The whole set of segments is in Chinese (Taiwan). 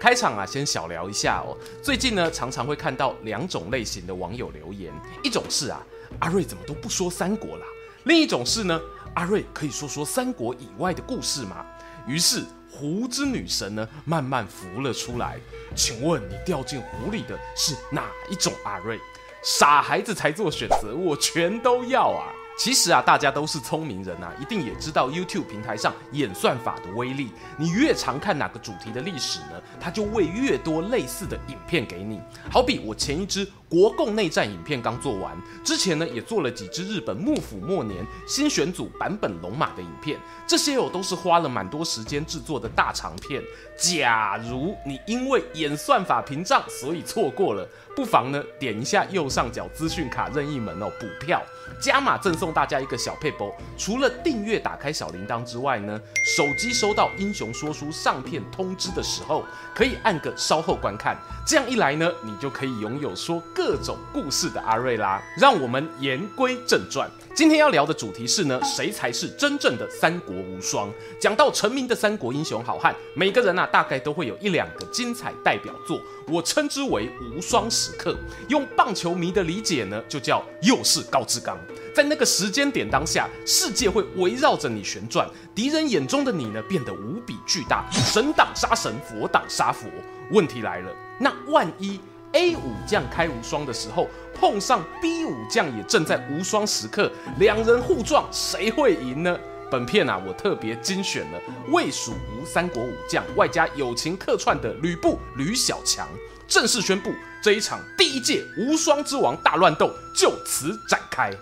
開場啊，先小聊一下哦。最近呢，常常會看到兩種類型的網友留言，一種是啊，阿瑞怎麼都不說三國啦；另一種是呢、啊，阿瑞可以說說三國以外的故事嗎？於是湖之女神呢，慢慢浮了出來。請問你掉進湖裡的是哪一種？阿瑞，傻孩子才做選擇，我全都要啊。其實啊，大家都是聰明人吶、啊，一定也知道 YouTube 平台上演算法的威力。你越常看哪個主題的歷史呢，它就餵越多類似的影片給你。好比我前一支。國共內戰影片剛做完之前呢，也做了幾支日本幕府末年新選組坂本龍馬的影片，這些哦都是花了蠻多時間製作的大長片。假如你因為演算法屏障，所以錯過了，不妨呢點一下右上角資訊卡任意門哦補票，加碼贈送大家一個小撇步。除了訂閱打開小鈴鐺之外呢，手機收到英雄說書上片通知的時候，可以按個稍後觀看。這樣一來呢，你就可以擁有說。各種故事的阿睿啦，讓我們言歸正傳。今天要聊的主題是呢，誰才是真正的三國無雙？講到成名的三國英雄好漢，每個人呢、啊、大概都會有一兩個精彩代表作，我稱之為無雙時刻。用棒球迷的理解呢，就叫又是高志綱。在那個時間點當下，世界會圍繞着你旋轉，敵人眼中的你呢變得無比巨大，神擋殺神，佛擋殺佛。問題來了，那萬一？A 武將開無雙的時候，碰上 B 武將也正在無雙時刻，兩人互撞，誰會贏呢？本片啊，我特別精選了魏、蜀、吳三國武將，外加友情客串的呂布呂小強，正式宣布這一場第一屆無雙之王大亂鬥就此展開。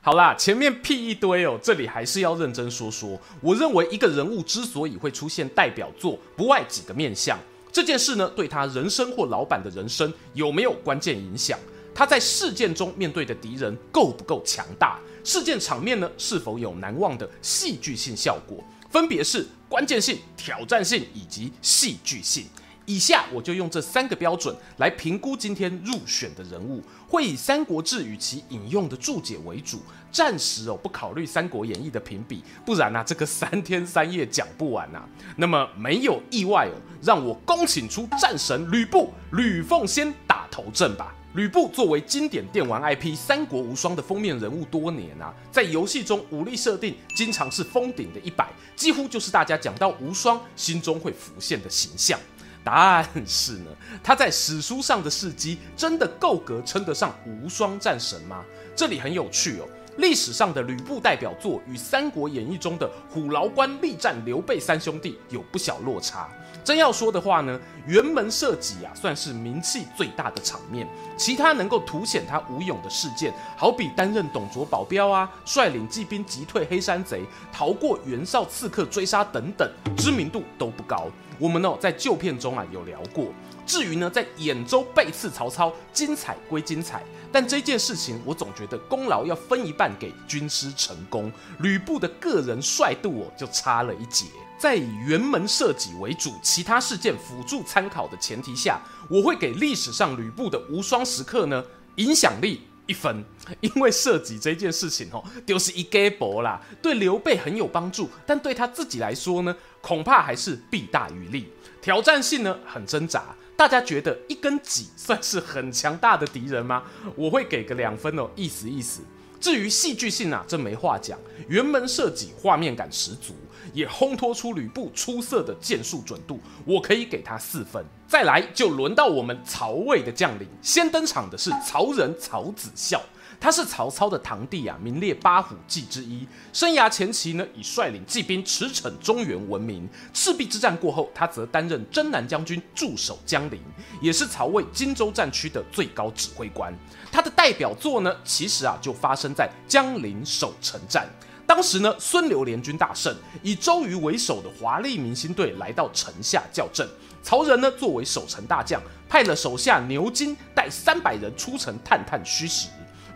好啦，前面屁一堆哦，這裡還是要認真說說。我認為一個人物之所以會出現代表作，不外幾個面向。這件事呢，對他人生或老板的人生有沒有關鍵影響？他在事件中面對的敵人夠不夠強大？事件場面呢，是否有難忘的戲劇性效果？分別是關鍵性、挑戰性以及戲劇性。以下我就用這三個標準來評估今天入選的人物，會以《三國志》與其引用的注解為主。暫時哦，不考慮《三國演義》的評比，不然呢、啊，這個三天三夜講不完吶、啊。那麼沒有意外哦，讓我恭請出戰神呂布、呂奉先打頭陣吧。呂布作為經典電玩 IP《三國無雙》的封面人物多年啊，在遊戲中武力設定經常是封頂的一百，幾乎就是大家講到無雙心中會浮現的形象。但是呢，他在史書上的事跡真的夠格稱得上無雙戰神嗎？這裡很有趣哦。歷史上的呂布代表作與《三國演義》中的虎牢關力戰劉備三兄弟有不小落差。真要說的話呢，轅門射戟啊，算是名氣最大的場面。其他能夠凸顯他武勇的事件，好比擔任董卓保鏢啊，率領騎兵擊退黑山賊，逃過袁紹刺客追殺等等，知名度都不高。我們呢、哦、在舊片中啊有聊過。至於呢在兗州背刺曹操，精彩歸精彩，但這件事情我總覺得功勞要分一半給軍師陳宮，呂布的個人帥度哦就差了一截。在以轅門射戟為主，其他事件輔助參考的前提下，我會給歷史上呂布的無雙時刻呢，影響力一分。因為射戟這件事情哦，丟、就是一 gamble 啦，對劉備很有幫助，但對他自己來說呢，恐怕還是弊大於利。挑戰性呢，很掙扎。大家覺得一根戟算是很強大的敵人嗎？我會給個兩分哦，意思意思。至於戲劇性啊，這沒話講，轅門射戟，畫面感十足，也烘托出呂布出色的箭術準度。我可以給他四分。再來就輪到我們曹魏的將領，先登場的是曹仁、曹子孝。他是曹操的堂弟啊，名列八虎騎之一。生涯前期呢，以率領騎兵馳騁中原聞名。赤壁之戰過後，他則擔任征南將軍，駐守江陵，也是曹魏荊州戰區的最高指揮官。他的代表作呢，其實啊，就發生在江陵守城戰。當時呢，孫劉聯軍大勝，以周瑜為首的華麗明星隊來到城下叫陣。曹仁呢，作為守城大將，派了手下牛金帶三百人出城探探虛實。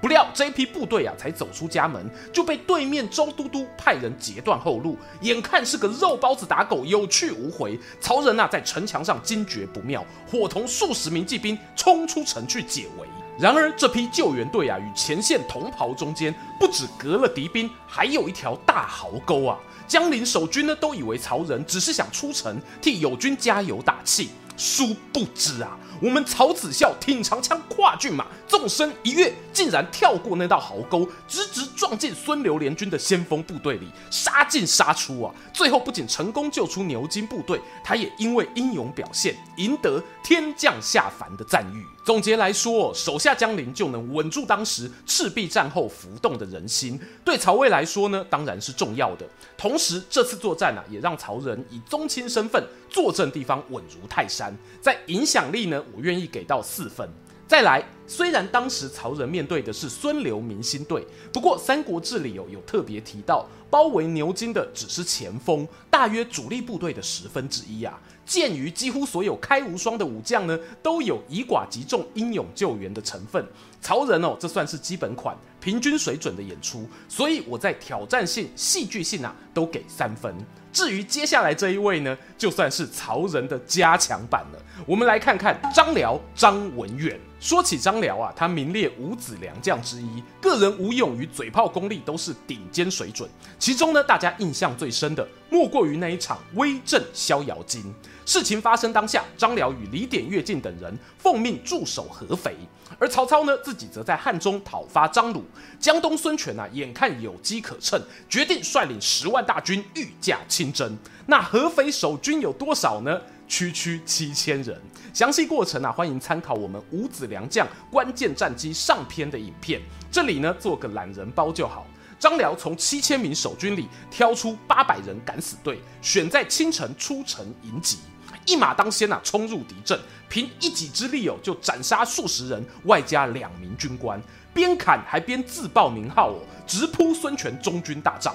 不料這批部隊啊，才走出家門，就被對面周都督派人截斷後路。眼看是個肉包子打狗，有去無回。曹仁啊在城牆上驚覺不妙，夥同數十名騎兵衝出城去解圍。然而，這批救援隊啊，與前線同袍中間，不止隔了敵兵，還有一條大壕溝啊。江陵守軍呢，都以為曹仁只是想出城替友軍加油打氣。殊不知啊，我們曹子孝挺長槍，跨駿馬，縱身一躍，竟然跳過那道壕溝，直直。撞進孫劉聯軍的先鋒部隊裡，殺進殺出啊！最後不僅成功救出牛金部隊，他也因為英勇表現，贏得天降下凡的讚譽。總結來說，守下江陵就能穩住當時赤壁戰後浮動的人心，對曹魏來說呢，當然是重要的。同時，這次作戰呢、啊，也讓曹仁以宗親身份坐鎮地方，穩如泰山。在影響力呢，我願意給到四分。再來，雖然當時曹仁面對的是孫劉明星隊，不過《三國志》裡哦有特別提到，包圍牛津的只是前鋒，大約主力部隊的十分之一啊。鑑於幾乎所有開無雙的武將呢，都有以寡敵眾、英勇救援的成分，曹仁哦這算是基本款、平均水準的演出，所以我在挑戰性、戲劇性啊都給三分。至於接下來這一位呢，就算是曹仁的加強版了。我們來看看張遼、張文遠。說起張遼啊，他名列五子良將之一，個人武勇與嘴炮功力都是頂尖水準。其中呢，大家印象最深的，莫過於那一場威震逍遙津。事情發生當下，張遼與李典、樂進等人奉命駐守合肥，而曹操呢，自己則在漢中討伐張魯。江東孫權吶、啊，眼看有機可乘，決定率領十萬大軍御駕親征。那合肥守軍有多少呢？區區七千人，詳細過程啊，歡迎參考我們五子良將關鍵戰機上篇的影片。這裡呢，做個懶人包就好。張遼從七千名守軍裡挑出八百人敢死隊，選在清晨出城迎擊，一馬當先啊，衝入敵陣，憑一己之力哦，就斬殺數十人，外加兩名軍官，邊砍還邊自報名號哦，直撲孫權中軍大帳。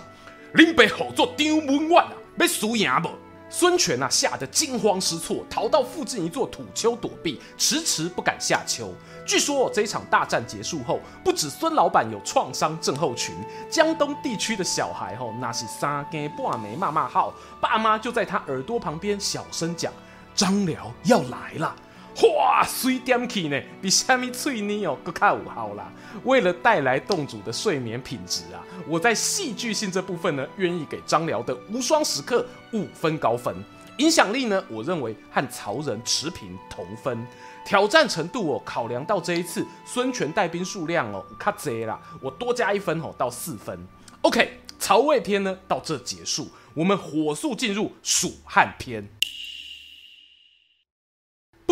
林北好做張文遠啊，要輸贏無？孫權啊，嚇得驚慌失措，逃到附近一座土丘躲避，遲遲不敢下丘。據說、哦、這場大戰結束後，不止孫老板有創傷症候群，江東地區的小孩吼、哦，那是三更半暝罵罵號，爸媽就在他耳朵旁邊小聲講：“張遼要來了。”嘩，睡點起呢？比蝦米脆妮哦，擱卡好啦。為了帶來洞主的睡眠品質啊，我在戲劇性這部分呢，願意給張遼的無雙時刻五分高分。影響力呢，我認為和曹仁持平同分。挑戰程度哦、喔，考量到這一次孫權帶兵數量哦卡賊啦，我多加一分哦、喔，到四分。OK，曹魏篇呢到這結束，我們火速進入蜀漢篇。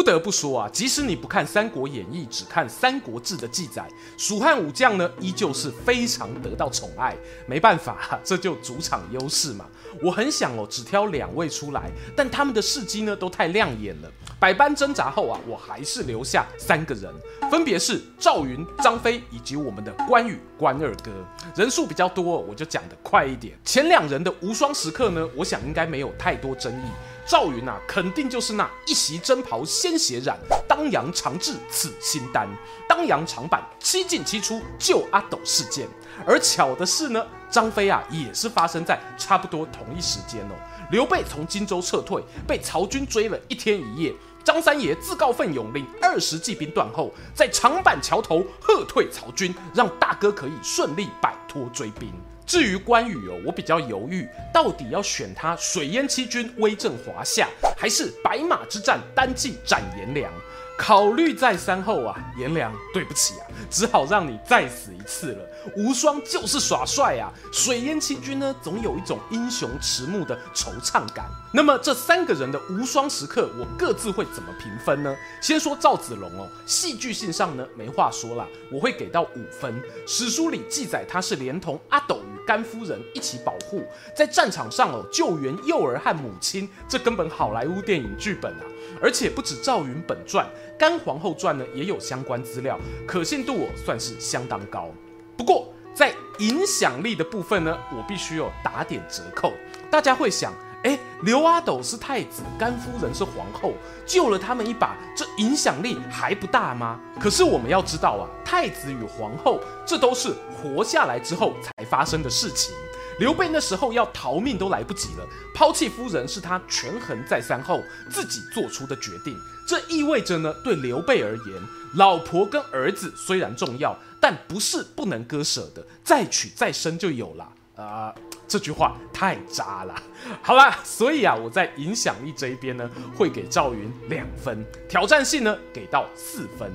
不得不說啊，即使你不看《三國演義》，只看《三國志》的記載，蜀漢武將呢，依舊是非常得到寵愛。沒辦法啊，這就主場優勢嘛。我很想哦，只挑兩位出來，但他們的事蹟呢，都太亮眼了。百般掙扎後啊，我還是留下三個人，分別是趙雲、張飛以及我們的關羽關二哥。人數比較多，我就講得快一點。前兩人的無雙時刻呢，我想應該沒有太多爭議。趙雲啊，肯定就是那一襲征袍鮮血染，當陽長治此心丹。當陽長坂七進七出救阿斗事件，而巧的是呢，張飛啊也是發生在差不多同一時間哦。劉備從荊州撤退，被曹軍追了一天一夜，張三爺自告奮勇領二十騎兵斷後，在長坂橋頭喝退曹軍，讓大哥可以順利擺脫追兵。至於關羽哦，我比較猶豫，到底要選他水淹七軍，威震華夏，還是白馬之戰單騎斬顏良？考慮再三後啊，顏良，對不起啊，只好讓你再死一次了。無雙就是耍帥啊，水淹七軍呢，總有一種英雄遲暮的惆悵感。那麼這三個人的無雙時刻，我各自會怎麼評分呢？先說趙子龍哦，戲劇性上呢沒話說啦，我會給到五分。史書裡記載他是連同阿斗與甘夫人一起保護，在戰場上哦救援幼兒和母親，這根本好萊塢電影劇本啊！而且不止趙雲本傳。甘皇后傳呢，也有相關資料，可信度、哦、算是相當高。不過在影響力的部分呢，我必須要打點折扣。大家會想，哎，劉阿斗是太子，甘夫人是皇後，救了他們一把，這影響力還不大嗎？可是我們要知道啊，太子與皇後，這都是活下來之後才發生的事情。劉備那時候要逃命都來不及了，拋棄夫人是他權衡再三後自己做出的決定。這意味着呢，對劉備而言，老婆跟兒子雖然重要，但不是不能割捨的，再娶再生就有了。啊、呃，這句話太渣了。好啦，所以啊，我在影響力這一邊呢，會給趙雲兩分，挑戰性呢給到四分。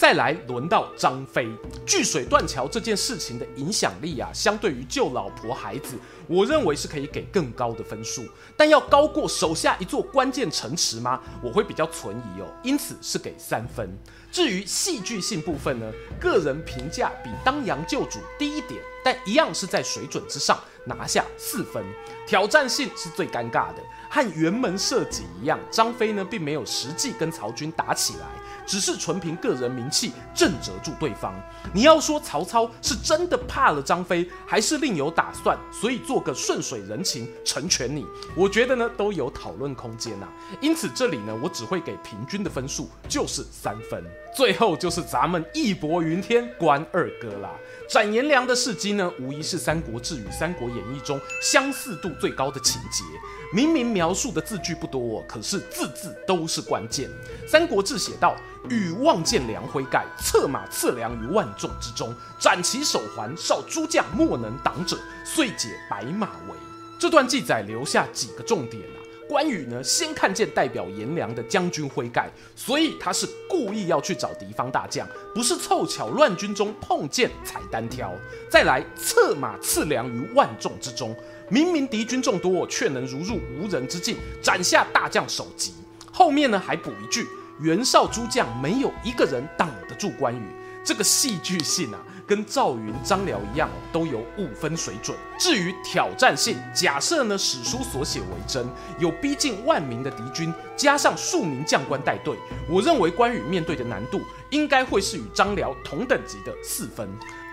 再來輪到張飛，據水斷橋這件事情的影響力啊，相對於救老婆孩子，我認為是可以給更高的分數，但要高過守下一座關鍵城池嗎？我會比較存疑哦，因此是給三分。至於戲劇性部分呢，個人評價比當陽救主低一點，但一樣是在水準之上拿下四分。挑戰性是最尷尬的，和轅門射戟一樣，張飛呢並沒有實際跟曹軍打起來。只是純憑個人名氣震懾住對方。你要說曹操是真的怕了張飛還是另有打算，所以做個順水人情成全你？我覺得呢，都有討論空間吶、啊。因此這裡呢，我只會給平均的分數，就是三分。最後就是咱們義薄雲天關二哥啦，斬顏良的事蹟呢，無疑是《三國志》與《三國演義》中相似度最高的情節。明明描述的字句不多、哦，可是字字都是關鍵。《三國志》寫道，羽望見良麾蓋，策馬刺良於萬眾之中，斬其首還，紹諸將莫能擋者，遂解白馬圍。這段記載留下幾個重點啊？關羽呢，先看見代表顏良的將軍麾蓋，所以他是故意要去找敵方大將，不是湊巧亂軍中碰見才單挑。再來，策馬刺良於萬眾之中，明明敵軍眾多，卻能如入無人之境，斬下大將首級。後面呢，還補一句。袁紹諸將沒有一個人擋得住關羽，這個戲劇性啊，跟趙雲、張遼一樣，都有五分水準。至於挑戰性，假設呢，史書所寫為真，有逼近萬名的敵軍，加上數名將官帶隊，我認為關羽面對的難度應該會是與張遼同等級的四分。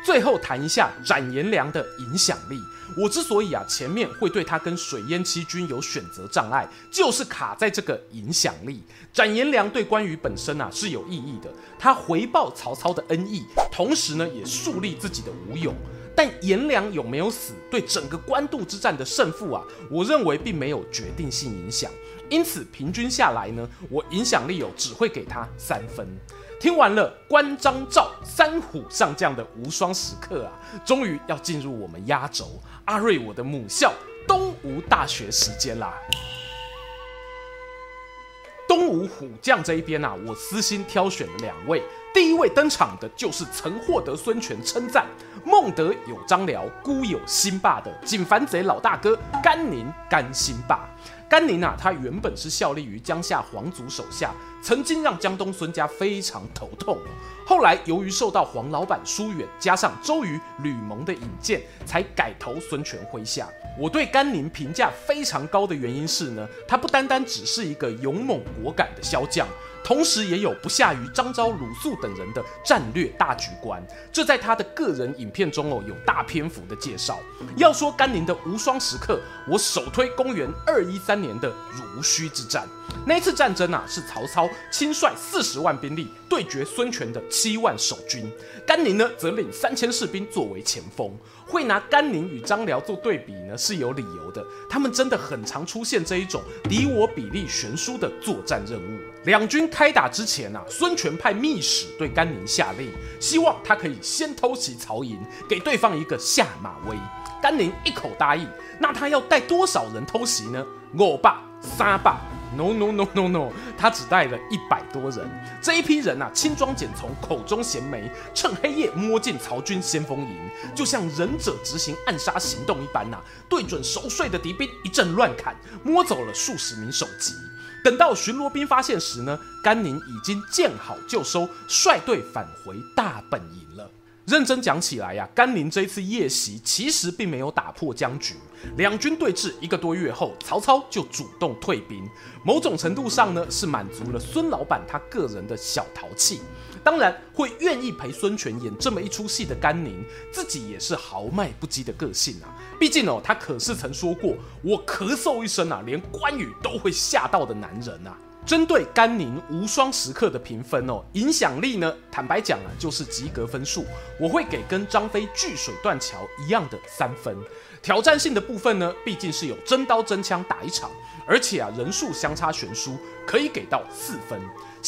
最後談一下斬顏良的影響力。我之所以啊前面會對他跟水淹七軍有選擇障礙，就是卡在這個影響力。斬顏良對關羽本身啊是有意義的，他回報曹操的恩義，同時呢也樹立自己的武勇。但顏良有沒有死，對整個官渡之戰的勝負啊，我認為並沒有決定性影響。因此平均下來呢，我影響力有只會給他三分。聽完了關張趙三虎上將的無雙時刻啊，終於要進入我們壓軸，阿瑞我的母校東吳大學時間啦。東吳虎將這一邊啊，我私心挑選了兩位，第一位登場的就是曾獲得孫權稱讚。孟德有張遼，孤有興霸的錦帆賊老大哥甘寧甘興霸。甘寧啊，他原本是效力於江夏皇族手下，曾經讓江東孫家非常頭痛。後來由於受到黃老板疏遠，加上周瑜、呂蒙的引薦，才改投孫權麾下。我對甘寧評價非常高的原因是呢，他不單單只是一個勇猛果敢的驍將。同時也有不下於張昭、魯肅等人的戰略大局觀，這在他的個人影片中哦有大篇幅的介紹。要說甘寧的無雙時刻，我首推公元二一三年的濡須之戰。那次戰爭啊，是曹操親率四十萬兵力對決孫權的七萬守軍，甘寧呢則領三千士兵作為前鋒。會拿甘寧與張遼做對比呢，是有理由的，他們真的很常出現這一種敵我比例懸殊的作戰任務。兩軍開打之前啊，孫權派密使對甘寧下令，希望他可以先偷襲曹營，給對方一個下馬威。甘寧一口答應。那他要帶多少人偷襲呢？五百？三百？No No No No No，他只帶了一百多人。這一批人呢、啊，輕裝簡從，口中銜枚，趁黑夜摸進曹軍先鋒營，就像忍者執行暗殺行動一般吶、啊，對準熟睡的敵兵一陣亂砍，摸走了數十名首級。等到巡邏兵發現時呢，甘寧已經見好就收，率隊返回大本營了。認真講起來呀、啊，甘寧這次夜襲其實並沒有打破僵局，兩軍對峙一個多月後，曹操就主動退兵，某種程度上呢，是滿足了孫老闆他個人的小淘氣。當然會願意陪孫權演這麼一出戲的甘寧，自己也是豪邁不羈的個性啊。畢竟哦，他可是曾說過：“我咳嗽一聲啊，連關羽都會嚇到的男人啊。”針對甘寧無雙時刻的評分哦，影響力呢，坦白講啊，就是及格分數。我會給跟張飛據水斷橋一樣的三分。挑戰性的部分呢，畢竟是有真刀真槍打一場，而且啊，人數相差懸殊，可以給到四分。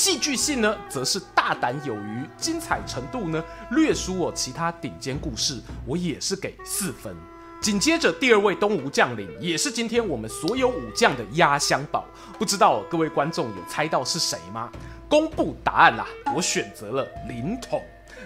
戲劇性呢，則是大膽有餘，精彩程度呢，略輸我其他頂尖故事，我也是給四分。緊接着第二位東吳將領，也是今天我們所有武將的壓箱寶，不知道、哦、各位觀眾有猜到是誰嗎？公布答案啦、啊，我選擇了凌統。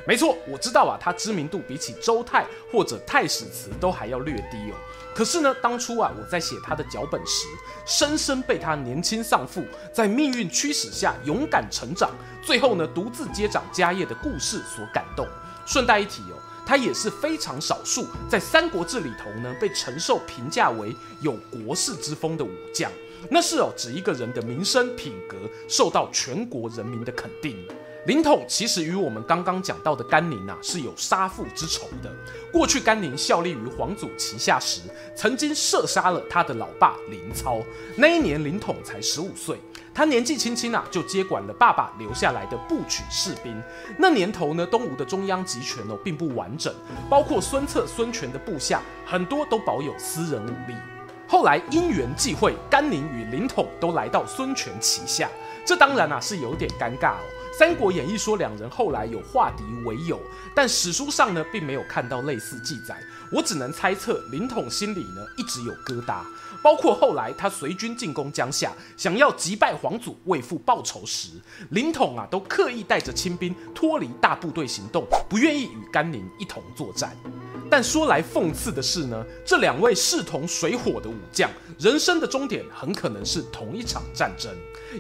沒錯，我知道啊，他知名度比起周泰或者太史慈都還要略低哦。可是呢，當初啊，我在寫他的腳本時，深深被他年輕喪父，在命運驅使下勇敢成長，最後呢獨自接掌家業的故事所感動。順帶一提哦，他也是非常少數在《三國志》裡頭呢被陳壽評價為有國士之風的武將。那是哦，指一個人的名聲品格受到全國人民的肯定。凌統其實與我們剛剛講到的甘寧、啊、是有殺父之仇的。過去甘寧效力於黃祖旗下時，曾經射殺了他的老爸凌操。那一年凌統才十五歲，他年紀輕輕啊就接管了爸爸留下來的部曲士兵。那年頭呢，東吳的中央集權哦並不完整，包括孫策、孫權的部下很多都保有私人武力。後來因緣際會，甘寧與凌統都來到孫權旗下，這當然啊是有點尷尬了、哦。《三國演義》說兩人後來有化敵為友，但史書上呢並沒有看到類似記載。我只能猜測，凌統心裡呢一直有疙瘩。包括後來他隨軍進攻江夏，想要擊敗黃祖為父報仇時，凌統啊都刻意帶着親兵脫離大部隊行動，不願意與甘寧一同作戰。但說來諷刺的是呢，這兩位勢同水火的武將，人生的終點很可能是同一場戰爭，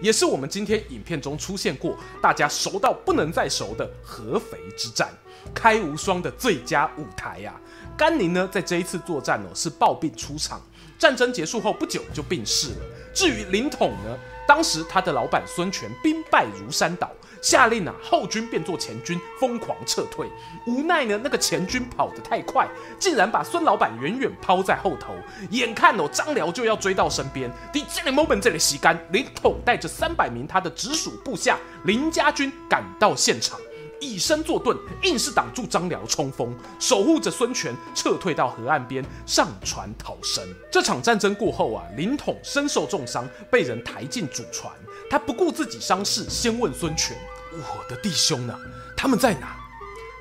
也是我們今天影片中出現過，大家熟到不能再熟的合肥之戰，開無雙的最佳舞台啊。甘寧呢，在這一次作戰呢、哦，是暴病出場，戰爭結束後不久就病逝了。至於凌統呢，當時他的老闆孫權兵敗如山倒。下令啊，後軍變作前軍，瘋狂撤退。無奈呢，那個前軍跑得太快，竟然把孫老板遠遠拋在後頭。眼看哦，張遼就要追到身邊，第這 moment 這裡，襲幹凌統帶着三百名他的直屬部下凌家軍趕到現場，以身作盾，硬是擋住張遼衝鋒，守護着孫權撤退到河岸邊上船逃生。這場戰爭過後啊，凌統身受重傷，被人抬進主船。他不顧自己傷勢，先問孫權。我的弟兄呢，啊？他們在哪？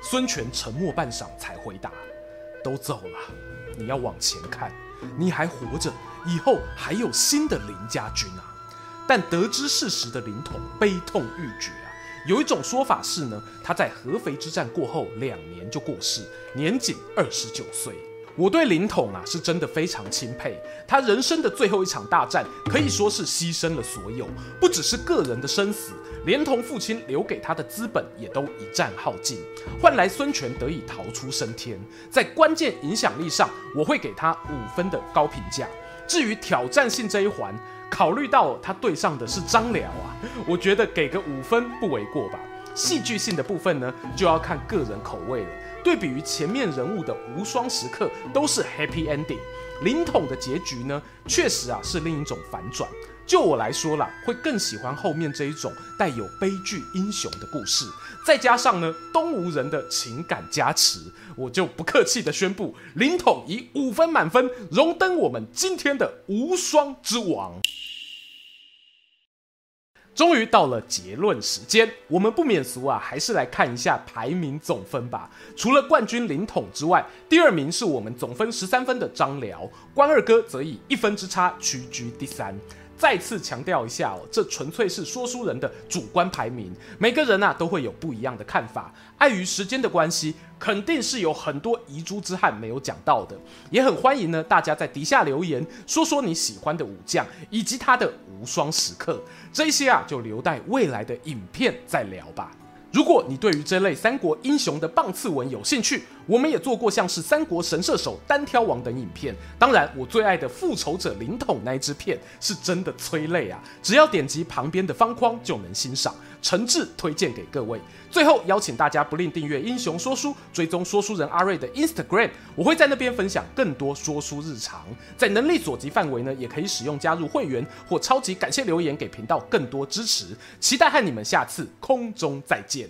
孫權沉默半晌才回答：“都走了。”你要往前看，你還活着，以後還有新的凌家軍啊！但得知事實的凌統悲痛欲絕啊！有一種說法是呢，他在合肥之戰過後兩年就過世，年僅二十九歲。我對凌統啊，是真的非常欽佩。他人生的最後一場大戰，可以說是犧牲了所有，不只是個人的生死，連同父親留給他的資本也都一戰耗盡，換來孫權得以逃出生天。在關鍵影響力上，我會給他五分的高評價。至於挑戰性這一環，考慮到他對上的是張遼啊，我覺得給個五分不為過吧。戲劇性的部分呢，就要看個人口味了。對比於前面人物的無雙時刻，都是 happy ending。凌統的結局呢，確實啊是另一種反轉。就我來說啦，會更喜歡後面這一種帶有悲劇英雄的故事，再加上呢東吳人的情感加持，我就不客氣地宣布，凌統以五分滿分榮登我們今天的無雙之王。終於到了結論時間，我們不免俗啊，還是來看一下排名總分吧。除了冠軍凌統之外，第二名是我們總分十三分的張遼，關二哥則以一分之差屈居第三。再次強調一下哦，這純粹是說書人的主觀排名，每個人啊，都會有不一樣的看法。礙於時間的關係，肯定是有很多遺珠之憾沒有講到的，也很歡迎呢大家在底下留言說說你喜歡的武將以及他的無雙時刻。這些啊就留待未來的影片再聊吧。如果你對於這類三國英雄的棒次文有興趣，我們也做過像是《三國神射手》《單挑王》等影片，當然我最愛的《復仇者凌統》那一支片是真的催淚啊！只要點擊旁邊的方框就能欣賞，誠摯推薦給各位。最後邀請大家不吝訂閱《英雄說書》，追蹤說書人阿睿的 Instagram，我會在那邊分享更多說書日常。在能力所及範圍呢，也可以使用加入會員或超級感謝留言給頻道更多支持。期待和你們下次空中再見。